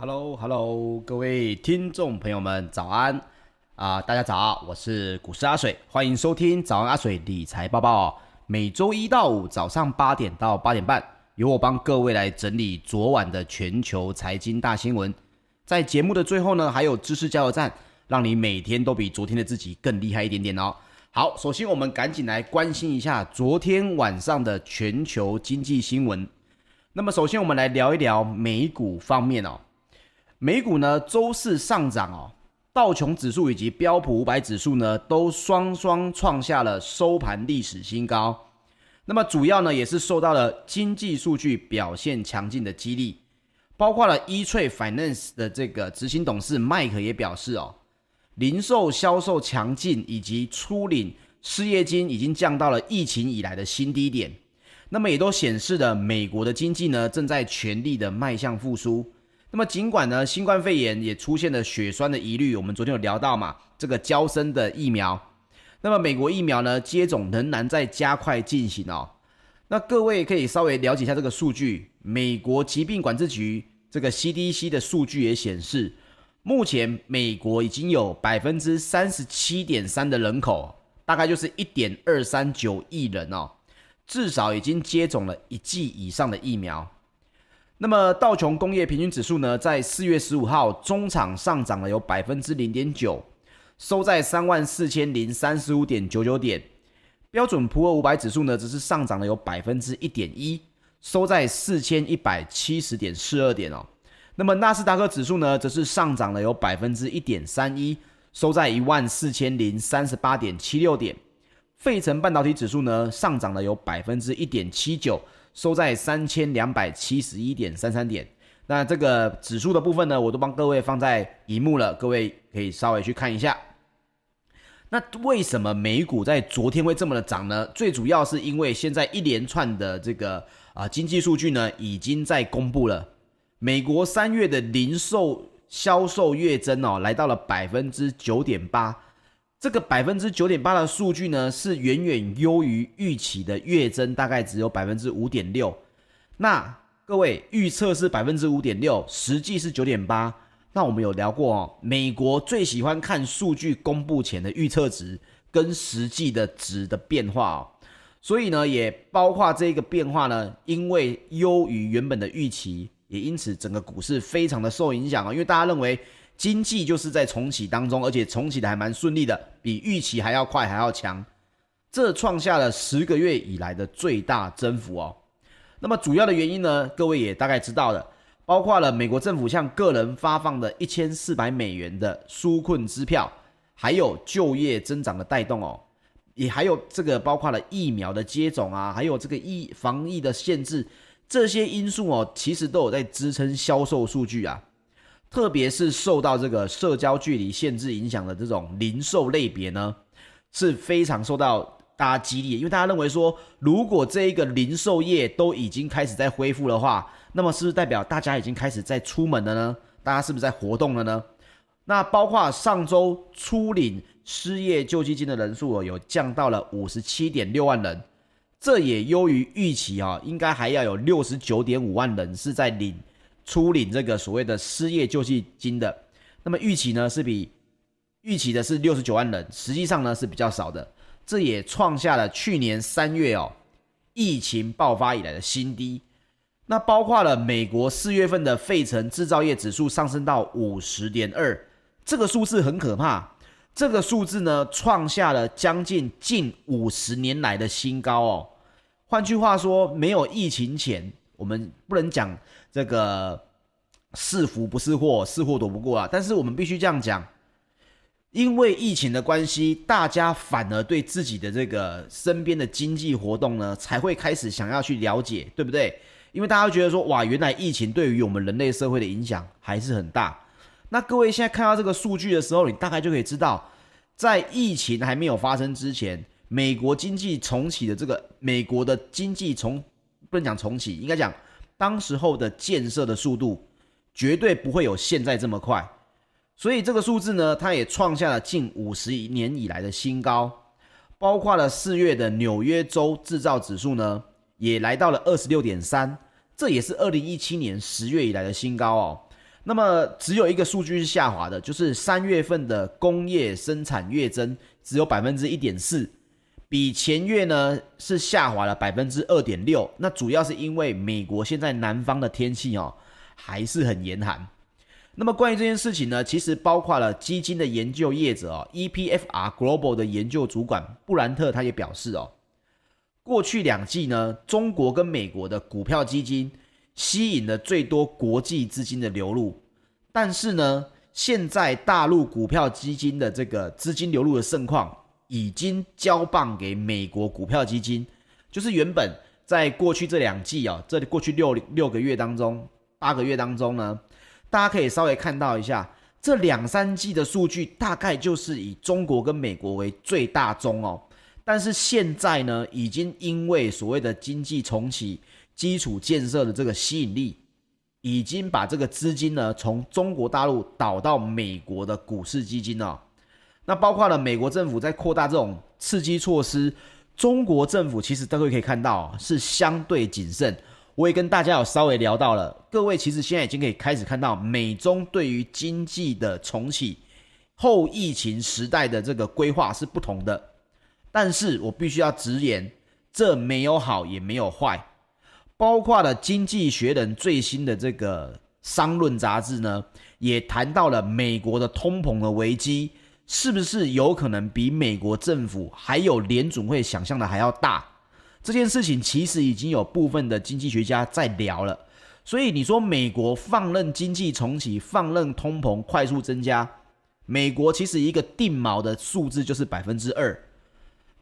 Hello，Hello，hello, 各位聽眾朋友們，早安啊，呃，大家早，我是股市阿水，歡迎收聽早安阿水理財報報哦。每週一到五早上八點到八點半，由我幫各位來整理昨晚的全球財經大新聞。在節目的最後呢，還有知識加油站，讓你每天都比昨天的自己更厲害一點點哦。好，首先我們趕緊來關心一下昨天晚上的全球經濟新聞。那麼，首先我們來聊一聊美股方面哦。美股呢，周四上漲哦，道瓊指數以及標普五百指數呢，都雙雙創下了收盤歷史新高。那麼主要呢，也是受到了經濟數據表現強勁的激勵，包括了 E-Trade Finance 的這個執行董事麥克也表示哦，零售銷售強勁以及初領失業金已經降到了疫情以來的新低點，那麼也都顯示了美國的經濟呢，正在全力的邁向復甦。那麼，儘管呢，新冠肺炎也出現了血栓的疑慮，我們昨天有聊到嘛，這個嬌生的疫苗。那麼，美國疫苗呢，接種仍然在加快進行哦。那各位可以稍微了解一下這個數據，美國疾病管制局這個 CDC 的數據也顯示，目前美國已經有百分之三十七點三的人口，大概就是一點二三九億人哦，至少已經接種了一劑以上的疫苗。那麼道瓊工業平均指數呢，在四月十五號中場上漲了有百分之零點九，收在三萬四千零三十五點九九點。標準普爾五百指數呢，則是上漲了有百分之一點一，收在四千一百七十點四二點哦。那麼納斯達克指數呢，則是上漲了有百分之一點三一，收在一萬四千零三十八點七六點。費城半導體指數呢，上漲了有百分之一點七九。收在三千兩百七十一點三三點，那這個指數的部分呢，我都幫各位放在熒幕了，各位可以稍微去看一下。那為什麼美股在昨天會這麼的漲呢？最主要是因為現在一連串的這個啊、呃、經濟數據呢，已經在公布了。美國三月的零售銷售月增哦，來到了百分之九點八。這個百分之九點八的數據呢，是遠遠優於預期的月增，大概只有百分之五點六。那各位預測是百分之五點六，實際是九點八。那我們有聊過哦，美國最喜歡看數據公布前的預測值跟實際的值的變化哦。所以呢，也包括這個變化呢，因為優於原本的預期，也因此整個股市非常的受影響啊，因為大家認為，經濟就是在重啟當中，而且重啟的還蠻順利的，比預期還要快還要強，這創下了十個月以來的最大增幅哦。那麼主要的原因呢，各位也大概知道了，包括了美國政府向個人發放的一千四百美元的紓困支票，還有就業增長的帶動哦，也還有這個包括了疫苗的接種啊，還有這個疫防疫的限制，這些因素哦，其實都有在支撐銷售數據啊。特別是受到這個社交距離限制影響的這種零售類別呢，是非常受到大家激勵，因為大家認為說，如果這一個零售業都已經開始在恢復的話，那麼是不是代表大家已經開始在出門了呢？大家是不是在活動了呢？那包括上周初領失業救濟金的人數哦，有降到了五十七點六萬人，這也優於預期啊，應該還要有六十九點五萬人是在領。出領這個所謂的失業救濟金的，那麼預期呢是比預期的是六十九萬人，實際上呢是比較少的，這也創下了去年三月哦疫情爆發以來的新低。那包括了美國四月份的費城製造業指數上升到五十點二，這個數字很可怕，這個數字呢創下了將近近五十年來的新高哦。換句話說，沒有疫情前，我們不能講。這個是福不是禍，是禍躲不過啊。但是我們必須這樣講，因為疫情的關係，大家反而對自己的這個身邊的經濟活動呢，才會開始想要去了解，對不對？因為大家會覺得說，哇，原來疫情對於我們人類社會的影響還是很大。那各位現在看到這個數據的時候，你大概就可以知道，在疫情還沒有發生之前，美國經濟重啟的這個美國的經濟重不能講重啟，應該講。當時候的建設的速度絕對不會有現在這麼快，所以這個數字呢，它也創下了近五十年以來的新高，包括了四月的紐約州制造指數呢，也來到了二十六點三，這也是二零一七年十月以來的新高哦。那麼只有一個數據是下滑的，就是三月份的工業生產月增只有百分之一點四。比前月呢是下滑了百分之二點六，那主要是因為美國現在南方的天氣哦還是很嚴寒。那麼關於這件事情呢，其實包括了基金的研究業者哦，EPFR Global 的研究主管布蘭特他也表示哦，過去兩季呢，中國跟美國的股票基金吸引了最多國際資金的流入，但是呢，現在大陸股票基金的這個資金流入的盛況，已經交棒給美國股票基金，就是原本在過去這兩季啊、哦，這過去六六個月當中，八個月當中呢，大家可以稍微看到一下這兩三季的數據，大概就是以中國跟美國為最大宗哦。但是現在呢，已經因為所謂的經濟重啟、基礎建設的這個吸引力，已經把這個資金呢從中國大陸導到美國的股市基金呢、哦。那包括了美國政府在擴大這種刺激措施，中國政府其實各位可以看到是相對謹慎。我也跟大家有稍微聊到了，各位其實現在已經可以開始看到美中對於經濟的重啟，後疫情時代的這個規劃是不同的。但是我必須要直言，這沒有好也沒有壞。包括了《經濟學人》最新的這個商論雜誌呢，也談到了美國的通膨的危機。是不是有可能比美國政府還有聯準會想象的還要大？這件事情其實已經有部分的經濟學家在聊了。所以你說美國放任經濟重啟，放任通膨快速增加，美國其實一個定錨的數字就是百分之二，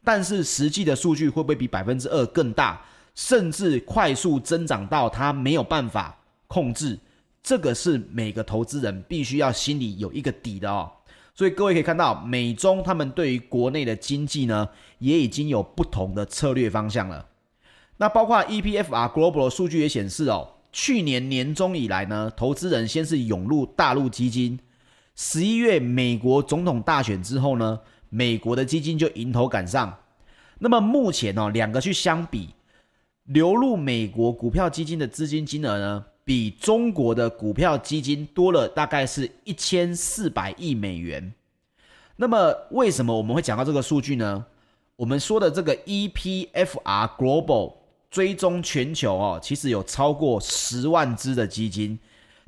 但是實際的數據會不會比百分之二更大，甚至快速增長到它沒有辦法控制？這個是每個投資人必須要心裡有一個底的哦。所以各位可以看到，美中他們對於國內的經濟呢，也已經有不同的策略方向了。那包括 EPFR Global 的數據也顯示哦，去年年中以來呢，投資人先是湧入大陸基金，十一月美國總統大選之後呢，美國的基金就迎頭趕上。那麼目前哦，兩個去相比，流入美國股票基金的資金金額呢，比中國的股票基金多了大概是一千四百億美元。那麼，為什麼我們會講到這個數據呢？我們說的這個 EPFR Global 追蹤全球哦，其實有超過十萬隻的基金，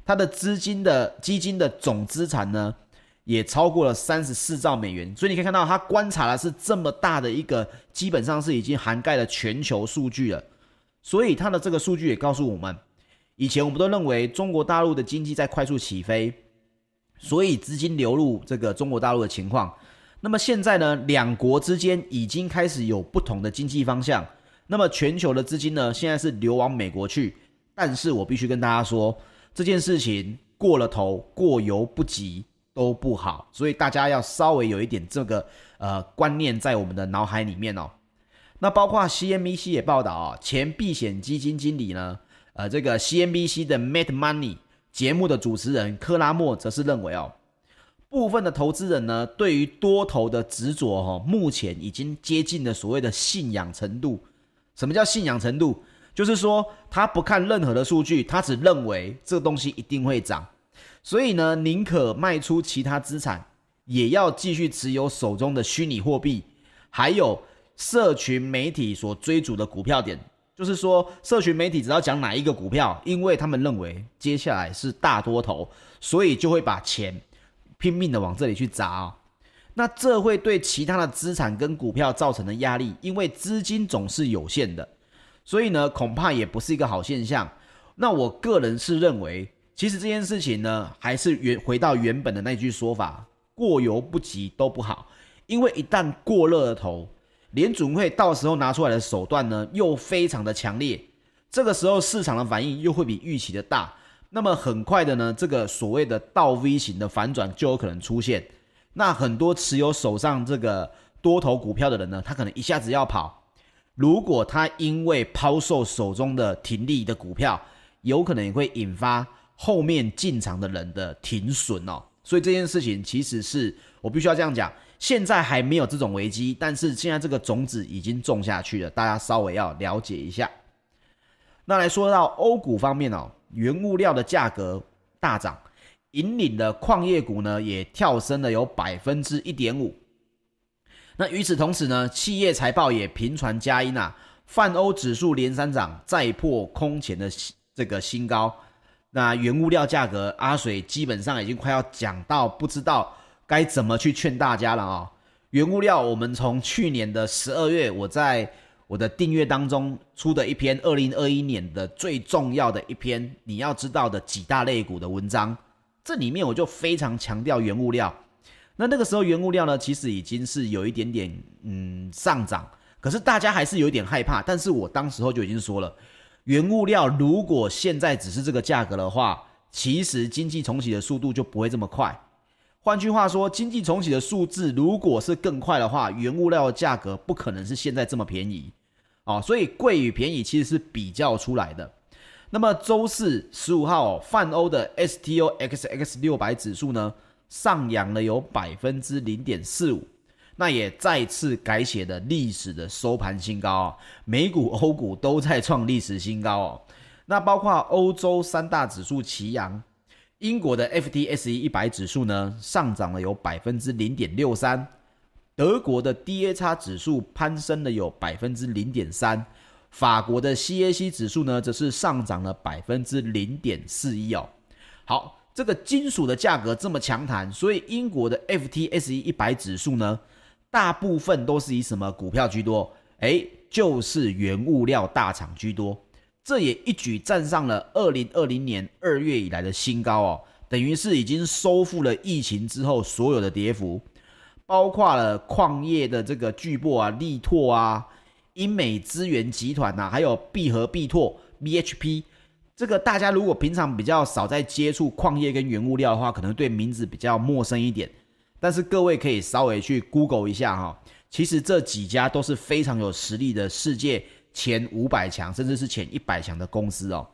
它的資金的基金的總資產呢，也超過了三十四兆美元。所以你可以看到，它觀察的是這麼大的一個，基本上是已經涵蓋了全球數據了。所以它的這個數據也告訴我們。以前我們都認為中國大陸的經濟在快速起飛，所以資金流入這個中國大陸的情況。那麼現在呢，兩國之間已經開始有不同的經濟方向。那麼全球的資金呢，現在是流往美國去。但是我必須跟大家說，這件事情過了頭，過猶不及都不好，所以大家要稍微有一點這個呃觀念在我們的腦海裡面哦。那包括 CNBC 也報道啊，哦，前避險基金經理呢。呃，這個 CNBC 的 Mad Money 節目的主持人克拉莫則是認為，哦，部分的投資人呢，對於多頭的執着、哦，哈，目前已經接近了所謂的信仰程度。什麼叫信仰程度？就是說他不看任何的數據，他只認為這東西一定會漲，所以呢，寧可賣出其他資產，也要繼續持有手中的虛擬貨幣，還有社群媒體所追逐的股票點。就是說，社群媒體只要講哪一個股票，因為他們認為接下來是大多頭，所以就會把錢拼命的往這裡去砸哦。那這會對其他的資產跟股票造成的壓力，因為資金總是有限的，所以呢，恐怕也不是一個好現象。那我個人是認為，其實這件事情呢，還是原回到原本的那句說法，過猶不及都不好，因為一旦過熱了頭。聯準會到時候拿出來的手段呢，又非常的強烈，這個時候市場的反應又會比預期的大，那麼很快的呢，這個所謂的倒 V 型的反轉就有可能出現，那很多持有手上這個多頭股票的人呢，他可能一下子要跑，如果他因為拋售手中的停利的股票，有可能也會引發後面進場的人的停損哦，所以這件事情其實是我必須要這樣講。現在還沒有這種危機，但是現在這個種子已經種下去了，大家稍微要了解一下。那來說到歐股方面哦，原物料的價格大漲，引領的礦業股呢也跳升了有百分之一點五。那與此同時呢，企業財報也頻傳佳音啊，泛歐指數連三漲，再破空前的這個新高。那原物料價格，阿水基本上已經快要講到不知道。該怎麼去勸大家了啊、哦？原物料，我們從去年的十二月，我在我的訂閱當中出的一篇二零二一年的最重要的一篇你要知道的幾大類股的文章，這裡面我就非常強調原物料。那那個時候原物料呢，其實已經是有一點點嗯上漲，可是大家還是有一點害怕。但是我當時候就已經說了，原物料如果現在只是這個價格的話，其實經濟重啟的速度就不會這麼快。換句話說，經濟重啟的數字如果是更快的話，原物料的價格不可能是現在這麼便宜哦，所以貴與便宜其實是比較出來的。那麼周四十五號泛歐的 STOXX 六百指數呢，上揚了有百分之零點四五，那也再次改寫了歷史的收盤新高。美股、歐股都在創歷史新高。那包括歐洲三大指數齊揚。英國的 FTSE 一百指數呢，上漲了有百分之零點六三；德國的 DAX 指數攀升了有百分之零點三；法國的 CAC 指數呢，則是上漲了百分之零點四一哦。好，這個金屬的價格這麼強彈，所以英國的 FTSE 一百指數呢，大部分都是以什麼股票居多？哎，就是原物料大廠居多。這也一舉站上了二零二零年二月以來的新高哦，等於是已經收復了疫情之後所有的跌幅，包括了礦業的這個巨擘啊，力拓啊，英美資源集團吶、啊，還有必和必拓 （BHP）。BH P，這個大家如果平常比較少在接觸礦業跟原物料的話，可能對名字比較陌生一點。但是各位可以稍微去 Google 一下哈、哦，其實這幾家都是非常有實力的世界。前五百強，甚至是前一百強的公司哦。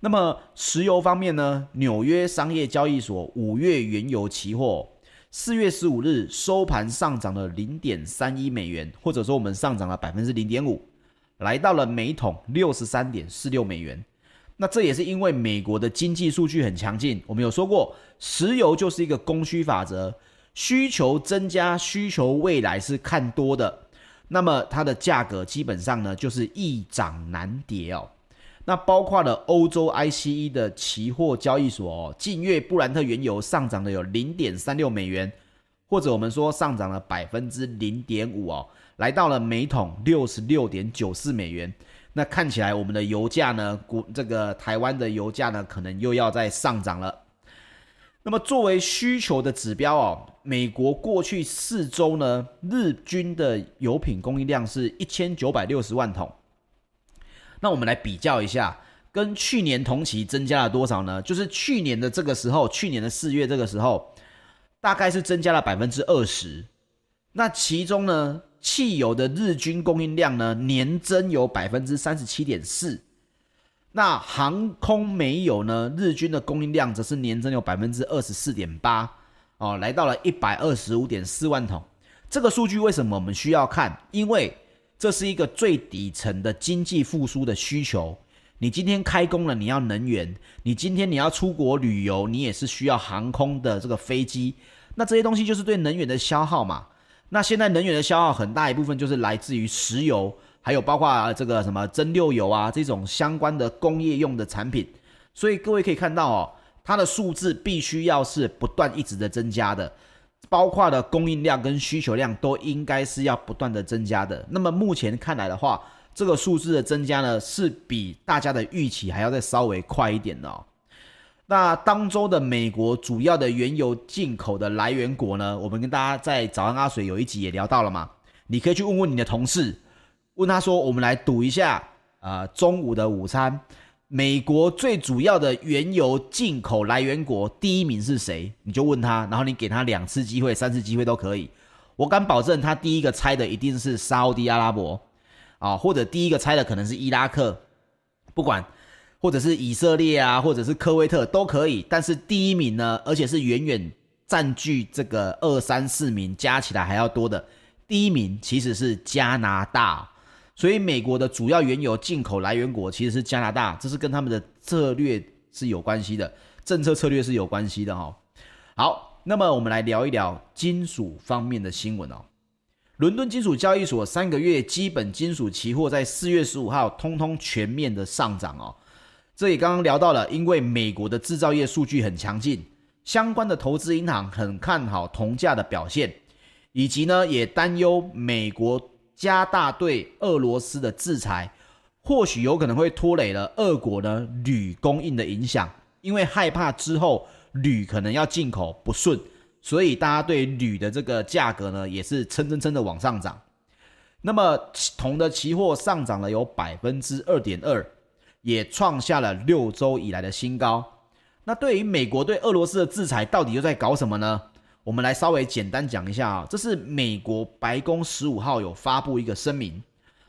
那麼石油方面呢？紐約商業交易所五月原油期貨四月十五日收盤上漲了零點三一美元，或者說我們上漲了百分之零點五，來到了每桶六十三點四六美元。那這也是因為美國的經濟數據很強勁。我們有說過，石油就是一個供需法則，需求增加，需求未來是看多的。那麼它的價格基本上呢，就是易漲難跌哦。那包括了歐洲 ICE 的期貨交易所哦，近月布蘭特原油上漲了有零點三六美元，或者我們說上漲了百分之零點五哦，來到了每桶六十六點九四美元。那看起來我們的油價呢，股，這個台灣的油價呢，可能又要再上漲了。那麼，作為需求的指標哦，美國過去四周呢，日均的油品供應量是一千九百六十萬桶。那我們來比較一下，跟去年同期增加了多少呢？就是去年的這個時候，去年的四月這個時候，大概是增加了百分之二十。那其中呢，汽油的日均供應量呢，年增有百分之三十七點四。那航空煤油呢？日均的供應量則是年增有百分之二十四點八，哦，來到了一百二十五點四萬桶。這個數據為什麼我們需要看？因為這是一個最底層的經濟復甦的需求。你今天開工了，你要能源；你今天你要出國旅遊，你也是需要航空的這個飛機。那這些東西就是對能源的消耗嘛。那現在能源的消耗很大一部分就是來自於石油。還有包括這個什麼蒸餾油啊，這種相關的工業用的產品，所以各位可以看到哦，它的數字必須要是不斷一直的增加的，包括的供應量跟需求量都應該是要不斷的增加的。那麼目前看來的話，這個數字的增加呢，是比大家的預期還要再稍微快一點的哦。那當週的美國主要的原油進口的來源國呢，我們跟大家在早安阿水有一集也聊到了嘛，你可以去問問你的同事。問他說：“我們來賭一下，呃，中午的午餐，美國最主要的原油進口來源國第一名是誰？你就問他，然後你給他兩次機會、三次機會都可以。我敢保證，他第一個猜的一定是沙烏地阿拉伯，啊，或者第一個猜的可能是伊拉克，不管，或者是以色列啊，或者是科威特都可以。但是第一名呢，而且是遠遠占據這個二三四名加起來還要多的，第一名其實是加拿大。”所以美國的主要原油進口來源國其實是加拿大，這是跟他們的策略是有關係的，政策策略是有關係的哈、哦。好，那麼我們來聊一聊金屬方面的新聞哦。倫敦金屬交易所三個月基本金屬期貨在四月十五號通通全面的上漲哦。這也剛剛聊到了，因為美國的製造業數據很強勁，相關的投資銀行很看好銅價的表現，以及呢也擔憂美國。加大對俄羅斯的制裁，或許有可能會拖累了俄國的鋁供應的影響，因為害怕之後鋁可能要進口不順，所以大家對鋁的這個價格呢也是蹭蹭蹭的往上漲。那麼銅的期貨上漲了有百分之二點二，也創下了六周以來的新高。那對於美國對俄羅斯的制裁，到底又在搞什麼呢？我們來稍微簡單講一下啊、哦，這是美國白宮十五號有發布一個聲明，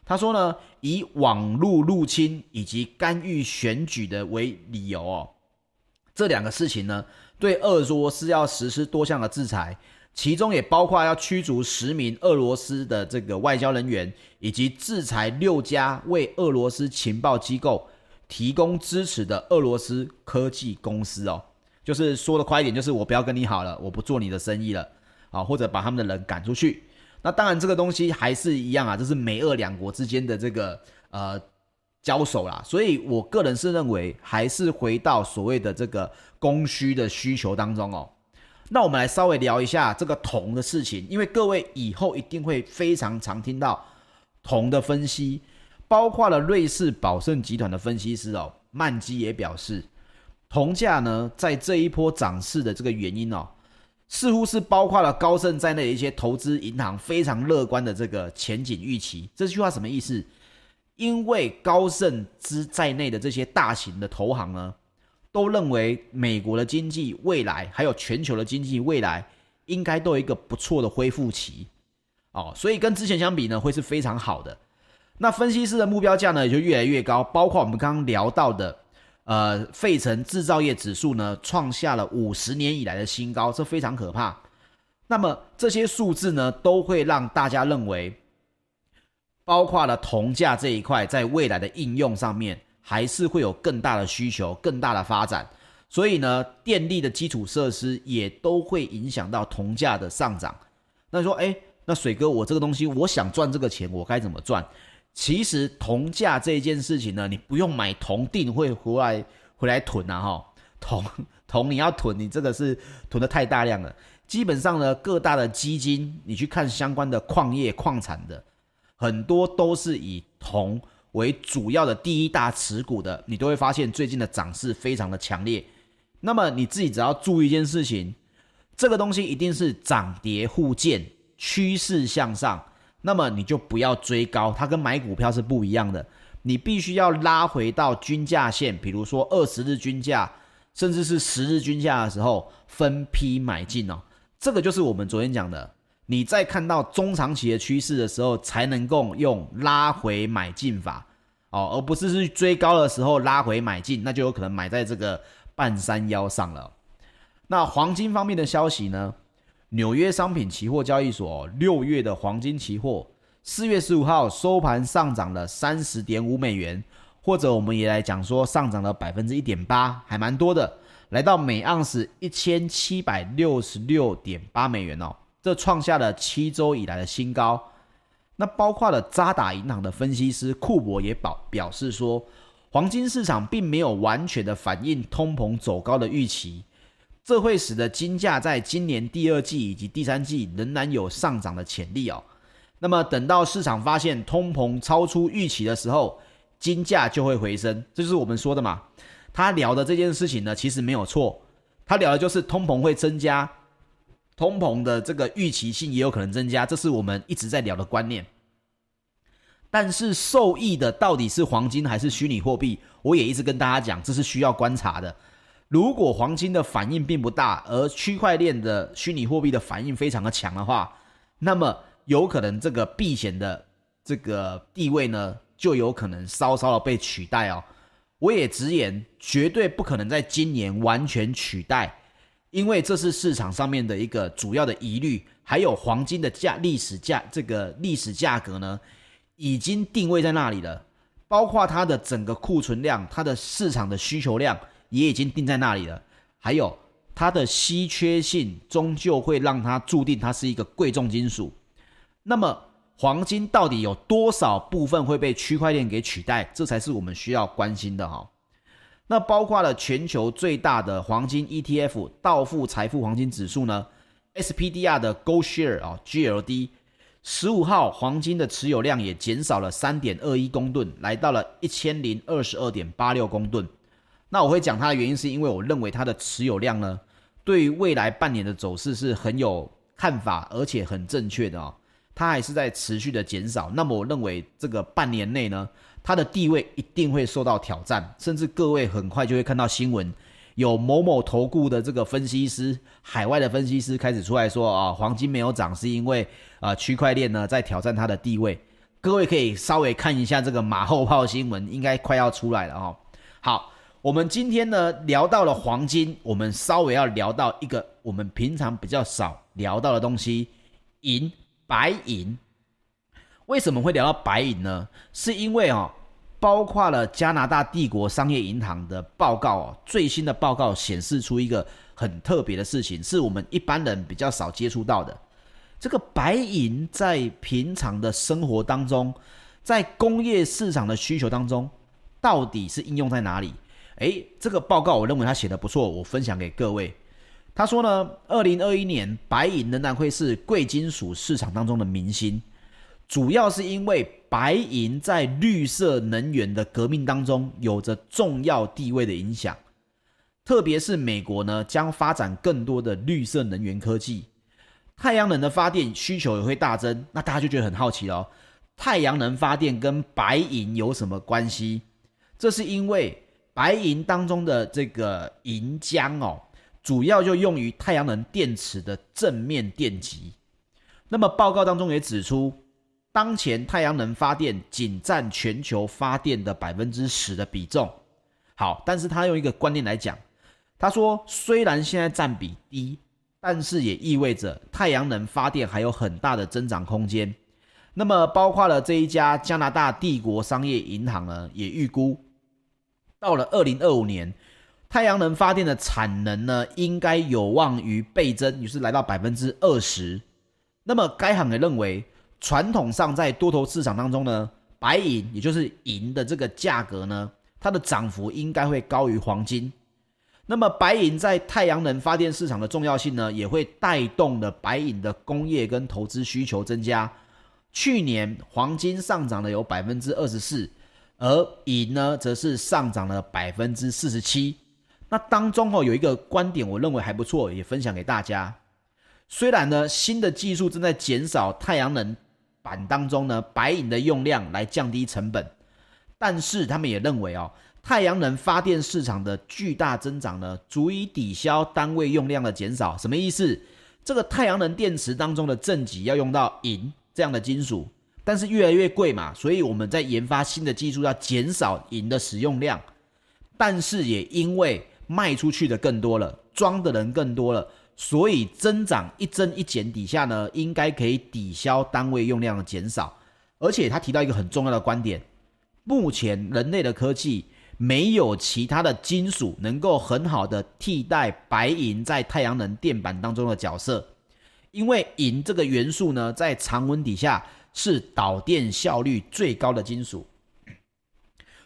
他說呢，以網絡入侵以及干預選舉的為理由哦，這兩個事情呢，對俄羅斯要實施多項的制裁，其中也包括要驅逐十名俄羅斯的這個外交人員，以及制裁六家為俄羅斯情報機構提供支持的俄羅斯科技公司哦。就是說的快一點，就是我不要跟你好了，我不做你的生意了啊，或者把他們的人趕出去。那當然，這個東西還是一樣啊，這是美俄兩國之間的這個呃交手啦。所以我個人是認為，還是回到所謂的這個供需的需求當中哦。那我們來稍微聊一下這個銅的事情，因為各位以後一定會非常常聽到銅的分析，包括了瑞士寶盛集團的分析師哦，曼基也表示。銅價呢，在這一波漲勢的這個原因哦，似乎是包括了高盛在內的一些投資銀行非常樂觀的這個前景預期。這句話什麼意思？因為高盛資在內的這些大型的投行呢，都認為美國的經濟未來還有全球的經濟未來應該都有一個不錯的恢復期哦，所以跟之前相比呢，會是非常好的。那分析師的目標價呢，也就越來越高，包括我們剛剛聊到的。呃，費城製造業指數呢，創下了五十年以來的新高，這非常可怕。那麼這些數字呢，都會讓大家認為，包括了銅價這一塊，在未來的應用上面，還是會有更大的需求、更大的發展。所以呢，電力的基礎設施也都會影響到銅價的上漲。那說，誒，那水哥，我這個東西，我想賺這個錢，我該怎麼賺？其實銅價這件事情呢，你不用買銅錠會回來回來囤啊，哈，銅銅你要囤，你真的是囤得太大量了。基本上呢，各大的基金，你去看相關的礦業礦產的，很多都是以銅為主要的第一大持股的，你都會發現最近的漲勢非常的強烈。那麼你自己只要注意一件事情，這個東西一定是漲跌互見，趨勢向上。那麼你就不要追高，它跟買股票是不一樣的，你必須要拉回到均價線，比如說二十日均價，甚至是十日均價的時候分批買進哦。這個就是我們昨天講的，你在看到中長期的趨勢的時候，才能夠用拉回買進法哦，而不是去追高的時候拉回買進，那就有可能買在這個半山腰上了。那黃金方面的消息呢？紐約商品期貨交易所哦、六月的黃金期貨四月十五號收盤上漲了三十點五美元，或者我們也來講說上漲了百分之一點八，還蠻多的，來到每盎司一千七百六十六點八美元哦，這創下了七周以來的新高。那包括了渣打銀行的分析師庫伯也保表示說，黃金市場並沒有完全的反映通膨走高的預期。這會使得金價在今年第二季以及第三季仍然有上漲的潛力哦。那麼等到市場發現通膨超出預期的時候，金價就會回升。這就是我們說的嘛。他聊的這件事情呢，其實沒有錯。他聊的就是通膨會增加，通膨的這個預期性也有可能增加，這是我們一直在聊的觀念。但是受益的到底是黃金還是虛擬貨幣，我也一直跟大家講，這是需要觀察的。如果黃金的反應並不大，而區塊鏈的虛擬貨幣的反應非常的強的話，那麼有可能這個避險的這個地位呢，就有可能稍稍的被取代哦。我也直言，絕對不可能在今年完全取代，因為這是市場上面的一個主要的疑慮，還有黃金的價，歷史價，這個歷史價格呢，已經定位在那裡了，包括它的整個庫存量，它的市場的需求量。也已經定在那裡了，還有它的稀缺性，終究會讓它注定它是一個貴重金屬。那麼，黃金到底有多少部分會被區塊鏈給取代？這才是我們需要關心的哈、哦。那包括了全球最大的黃金 ETF 道富財富黃金指數呢 SPDR 的 Gold Share 啊、哦、GLD，十五號黃金的持有量也減少了三點二一公噸，來到了一千零二十二點八六公噸。那我會講它的原因，是因為我認為它的持有量呢，對於未來半年的走勢是很有看法，而且很正確的哦。它還是在持續的減少。那麼我認為這個半年內呢，它的地位一定會受到挑戰，甚至各位很快就會看到新聞，有某某投顧的這個分析師，海外的分析師開始出來說啊，黃金沒有漲是因為啊區塊鏈呢在挑戰它的地位。各位可以稍微看一下這個馬後炮新聞，應該快要出來了哦。好。我們今天呢聊到了黃金，我們稍微要聊到一個我們平常比較少聊到的東西——銀、白銀。為什麼會聊到白銀呢？是因為哦，包括了加拿大帝國商業銀行的報告哦，最新的報告顯示出一個很特別的事情，是我們一般人比較少接觸到的。這個白銀在平常的生活當中，在工業市場的需求當中，到底是應用在哪裡？哎，這個報告我認為他寫得不錯，我分享給各位。他說呢，二零二一年白銀仍然會是貴金屬市場當中的明星，主要是因為白銀在綠色能源的革命當中有着重要地位的影響。特別是美國呢，將發展更多的綠色能源科技，太陽能的發電需求也會大增。那大家就覺得很好奇嘍，太陽能發電跟白銀有什麼關係？這是因為。白銀當中的這個銀漿哦，主要就用於太陽能電池的正面電極。那麼報告當中也指出，當前太陽能發電僅占全球發電的百分之十的比重。好，但是他用一個觀念來講，他說雖然現在占比低，但是也意味着太陽能發電還有很大的增長空間。那麼包括了這一家加拿大帝國商業銀行呢，也預估。到了二零二五年，太陽能發電的產能呢，應該有望於倍增，於是來到百分之二十。那麼，該行也認為，傳統上在多頭市場當中呢，白銀也就是銀的這個價格呢，它的漲幅應該會高於黃金。那麼，白銀在太陽能發電市場的重要性呢，也會帶動了白銀的工業跟投資需求增加。去年黃金上漲了有百分之二十四。而銀呢，則是上漲了百分之四十七。那當中哦，有一個觀點，我認為還不錯，也分享給大家。雖然呢，新的技術正在減少太陽能板當中呢白銀的用量來降低成本，但是他們也認為哦，太陽能發電市場的巨大增長呢，足以抵消單位用量的減少。什麼意思？這個太陽能電池當中的正極要用到銀這樣的金屬。但是越來越貴嘛，所以我們在研發新的技術，要減少銀的使用量。但是也因為賣出去的更多了，裝的人更多了，所以增長一增一減底下呢，應該可以抵消單位用量的減少。而且他提到一個很重要的觀點：目前人類的科技沒有其他的金屬能夠很好的替代白銀在太陽能電板當中的角色，因為銀這個元素呢，在常溫底下。是導電效率最高的金屬，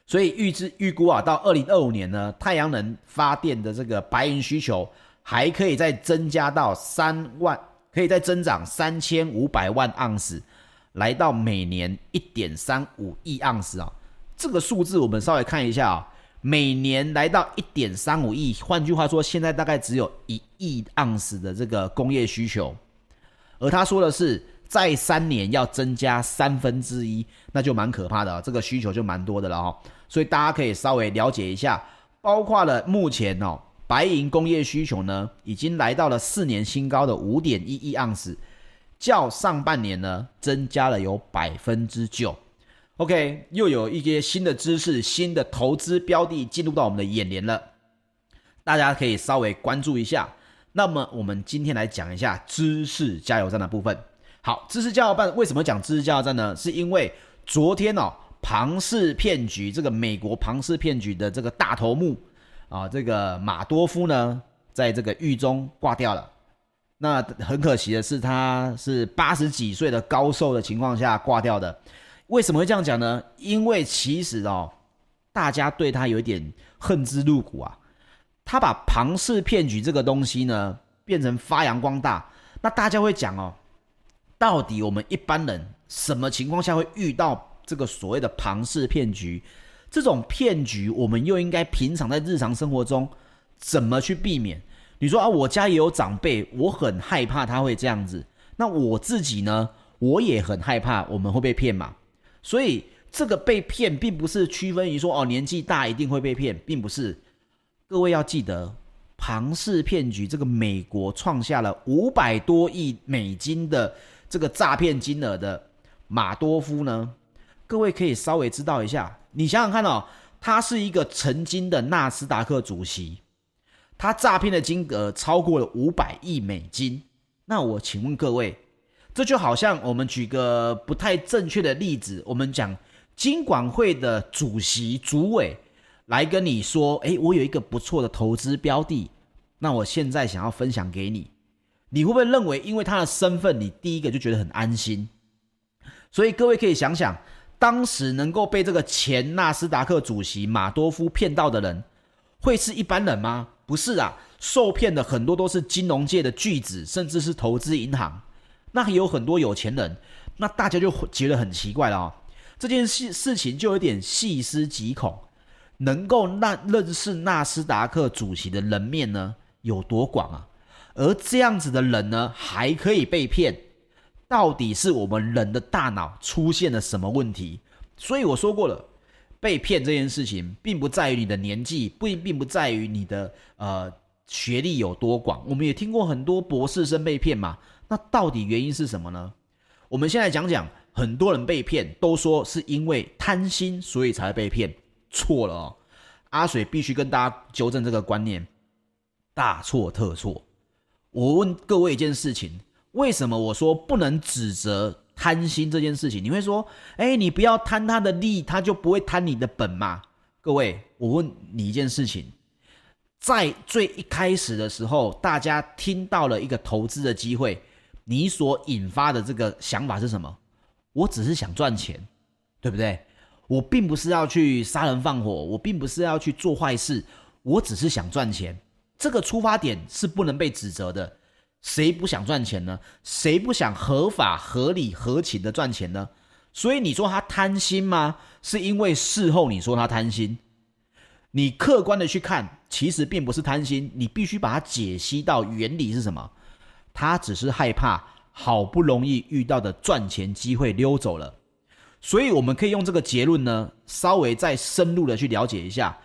所以預知預估啊，到二零二五年呢，太陽能發電的這個白銀需求還可以再增加到三萬，可以再增長三千五百萬盎司，來到每年一點三五億盎司啊。這個數字我們稍微看一下啊，每年來到一點三五億，換句話說，現在大概只有一億盎司的這個工業需求，而他說的是。再三年要增加三分之一，3, 那就蠻可怕的、哦，這個需求就蠻多的了哈、哦。所以大家可以稍微了解一下，包括了目前哦，白銀工業需求呢已經來到了四年新高的五點一一億盎司，較上半年呢增加了有百分之九。OK，又有一些新的知識、新的投資標的進入到我們的眼簾了，大家可以稍微關注一下。那麼我們今天來講一下知識加油站的部分。好，知識教育站為什麼講知識教育站呢？是因為昨天哦，龐氏騙局這個美國龐氏騙局的這個大頭目啊，這個馬多夫呢，在這個獄中掛掉了。那很可惜的是，他是八十幾歲的高壽的情況下掛掉的。為什麼會這樣講呢？因為其實哦，大家對他有一點恨之入骨啊。他把龐氏騙局這個東西呢，變成發揚光大，那大家會講哦。到底我們一般人什麼情況下會遇到這個所謂的龐氏騙局？這種騙局，我們又應該平常在日常生活中怎麼去避免？你說啊，我家也有長輩，我很害怕他會這樣子。那我自己呢，我也很害怕我們會被騙嘛。所以這個被騙，並不是區分於說哦，年紀大一定會被騙，並不是。各位要記得，龐氏騙局這個美國創下了五百多億美金的。這個詐騙金額的馬多夫呢，各位可以稍微知道一下，你想想看哦，他是一個曾經的納斯達克主席，他詐騙的金額超過了五百億美金。那我請問各位，這就好像我們舉個不太正確的例子，我們講金管會的主席、主委來跟你說，誒，我有一個不錯的投資標的，那我現在想要分享給你。你會不會認為，因為他的身份，你第一個就覺得很安心？所以各位可以想想，當時能夠被這個前納斯達克主席馬多夫騙到的人，會是一般人嗎？不是啊，受騙的很多都是金融界的巨子，甚至是投資銀行，那有很多有錢人。那大家就覺得很奇怪了啊，這件事事情就有點細思極恐。能夠那認識納斯達克主席的人面呢，有多廣啊？而這樣子的人呢，還可以被騙？到底是我們人的大腦出現了什麼問題？所以我說過了，被騙這件事情並，並不在於你的年紀，不、呃，並不在於你的呃學歷有多廣。我們也聽過很多博士生被騙嘛，那到底原因是什麼呢？我們先來講講，很多人被騙都說是因為貪心，所以才被騙，錯了哦。阿水必須跟大家糾正這個觀念，大錯特錯。我問各位一件事情：為什麼我說不能指責貪心這件事情？你會說：“哎，你不要貪他的利，他就不會貪你的本嘛？”各位，我問你一件事情：在最一開始的時候，大家聽到了一個投資的機會，你所引發的這個想法是什麼？我只是想賺錢，對不對？我並不是要去殺人放火，我並不是要去做壞事，我只是想賺錢。這個出發點是不能被指責的，誰不想賺錢呢？誰不想合法、合理、合情的賺錢呢？所以你說他貪心嗎？是因為事後你說他貪心，你客觀的去看，其實並不是貪心。你必須把它解析到原理是什麼？他只是害怕好不容易遇到的賺錢機會溜走了。所以我們可以用這個結論呢，稍微再深入的去了解一下。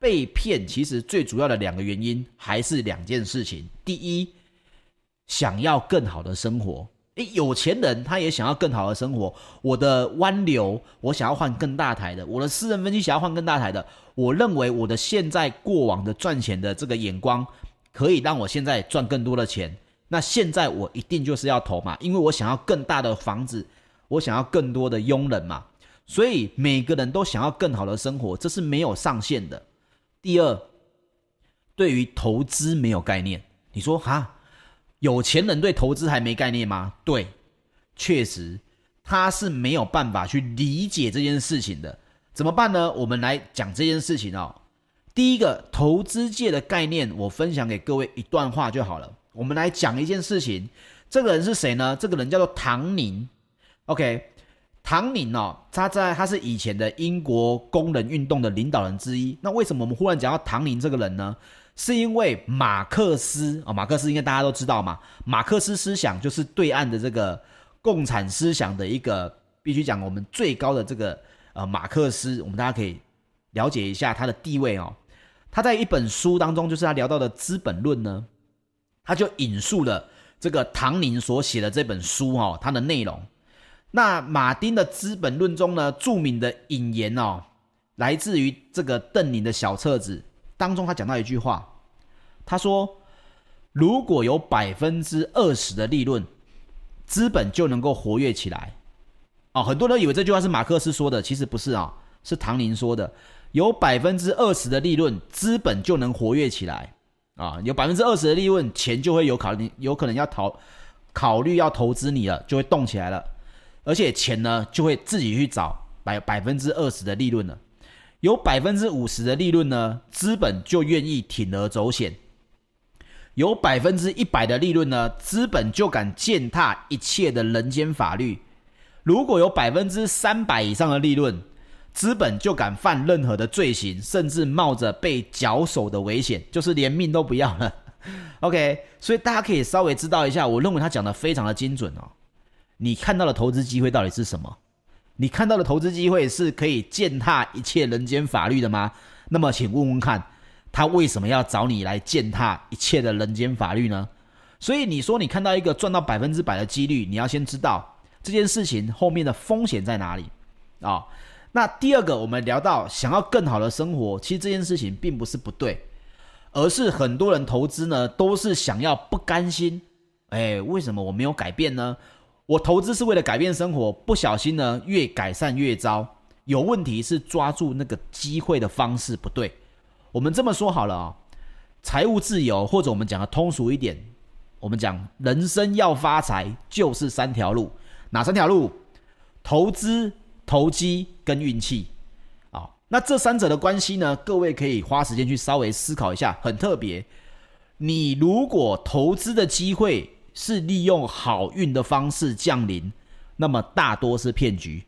被騙其實最主要的兩個原因還是兩件事情。第一，想要更好的生活。誒，有錢人他也想要更好的生活。我的灣流，我想要換更大台的；我的私人分析想要換更大台的。我認為我的現在過往的賺錢的這個眼光，可以讓我現在賺更多的錢。那現在我一定就是要投嘛，因為我想要更大的房子，我想要更多的傭人嘛。所以每個人都想要更好的生活，這是沒有上限的。第二，對於投資沒有概念。你說哈，有錢人對投資還沒概念嗎？對，確實他是沒有辦法去理解這件事情的。怎麼辦呢？我們來講這件事情哦。第一個，投資界的概念，我分享給各位一段話就好了。我們來講一件事情，這個人是誰呢？這個人叫做唐寧。OK。唐寧哦，他在他是以前的英國工人運動的領導人之一。那為什麼我們忽然講到唐寧這個人呢？是因為馬克思啊，哦，馬克思應該大家都知道嘛。馬克思思想就是對岸的這個共產思想的一個，必須講我們最高的這個呃馬克思，我們大家可以了解一下他的地位哦。他在一本書當中，就是他聊到的《資本論》呢，他就引述了這個唐寧所寫的這本書哦，他的內容。那馬丁的《資本論》中呢，著名的引言哦，來自於這個鄧寧的小冊子當中，他講到一句話，他說：“如果有百分之二十的利潤，資本就能夠活躍起來。哦”啊，很多人都以為這句話是馬克思說的，其實不是啊、哦，是唐寧說的。有百分之二十的利潤，資本就能活躍起來。啊、哦，有百分之二十的利潤，錢就會有考慮，有可能要投，考慮要投資你了，就會動起來了。而且錢呢，就會自己去找百百分之二十的利潤了。有百分之五十的利潤呢，資本就願意鋌而走險；有百分之一百的利潤呢，資本就敢踐踏一切的人間法律。如果有百分之三百以上的利潤，資本就敢犯任何的罪行，甚至冒着被絞首的危險，就是連命都不要了。 OK，所以大家可以稍微知道一下，我認為他講得非常的精準哦。你看到的投資機會到底是什麼？你看到的投資機會是可以踐踏一切人間法律的嗎？那麼，請問問看，他為什麼要找你來踐踏一切的人間法律呢？所以你說你看到一個賺到百分之百的幾率，你要先知道這件事情後面的風險在哪裡啊、哦？那第二個，我們聊到想要更好的生活，其實這件事情並不是不對，而是很多人投資呢都是想要不甘心，誒、哎，為什麼我沒有改變呢？我投資是為了改變生活，不小心呢，越改善越糟。有問題是抓住那個機會的方式不對。我們這麼說好了啊，財務自由，或者我們講的通俗一點，我們講人生要發財就是三條路，哪三條路？投資、投機跟運氣。啊，那這三者的關係呢？各位可以花時間去稍微思考一下，很特別。你如果投資的機會是利用好運的方式降臨，那麼大多是騙局。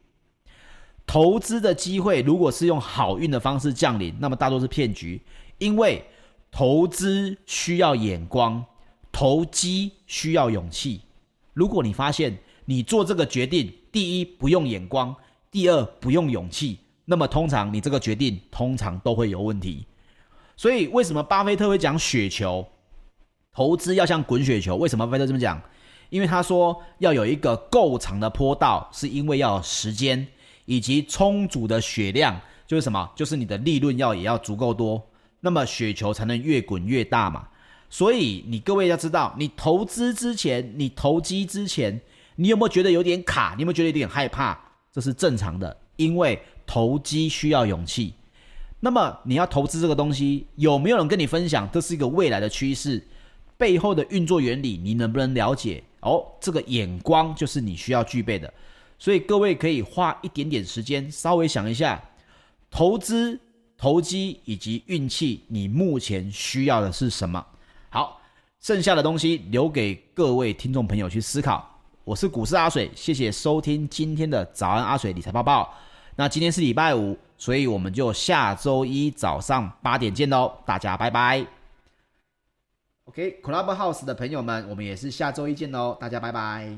投資的機會如果是用好運的方式降臨，那麼大多是騙局，因為投資需要眼光，投機需要勇氣。如果你發現你做這個決定，第一不用眼光，第二不用勇氣，那麼通常你這個決定通常都會有問題。所以為什麼巴菲特會講雪球？投資要像滾雪球，為什麼非得這麼講？因為他說要有一個夠長的坡道，是因為要時間以及充足的雪量，就是什麼？就是你的利潤要也要足夠多，那麼雪球才能越滾越大嘛。所以你各位要知道，你投資之前，你投機之前，你有沒有覺得有點卡？你有沒有覺得有點害怕？這是正常的，因為投機需要勇氣。那麼你要投資這個東西，有沒有人跟你分享這是一個未來的趨勢？背後的運作原理，你能不能了解？哦，這個眼光就是你需要具備的。所以各位可以花一點點時間，稍微想一下，投資、投機以及運氣，你目前需要的是什麼？好，剩下的東西留給各位聽眾朋友去思考。我是股市阿水，謝謝收聽今天的早安阿水理財報報。那今天是禮拜五，所以我們就下周一早上八點見嘍，大家拜拜。OK，Clubhouse、okay, 的朋友們，我們也是下周一見嘍、哦，大家拜拜。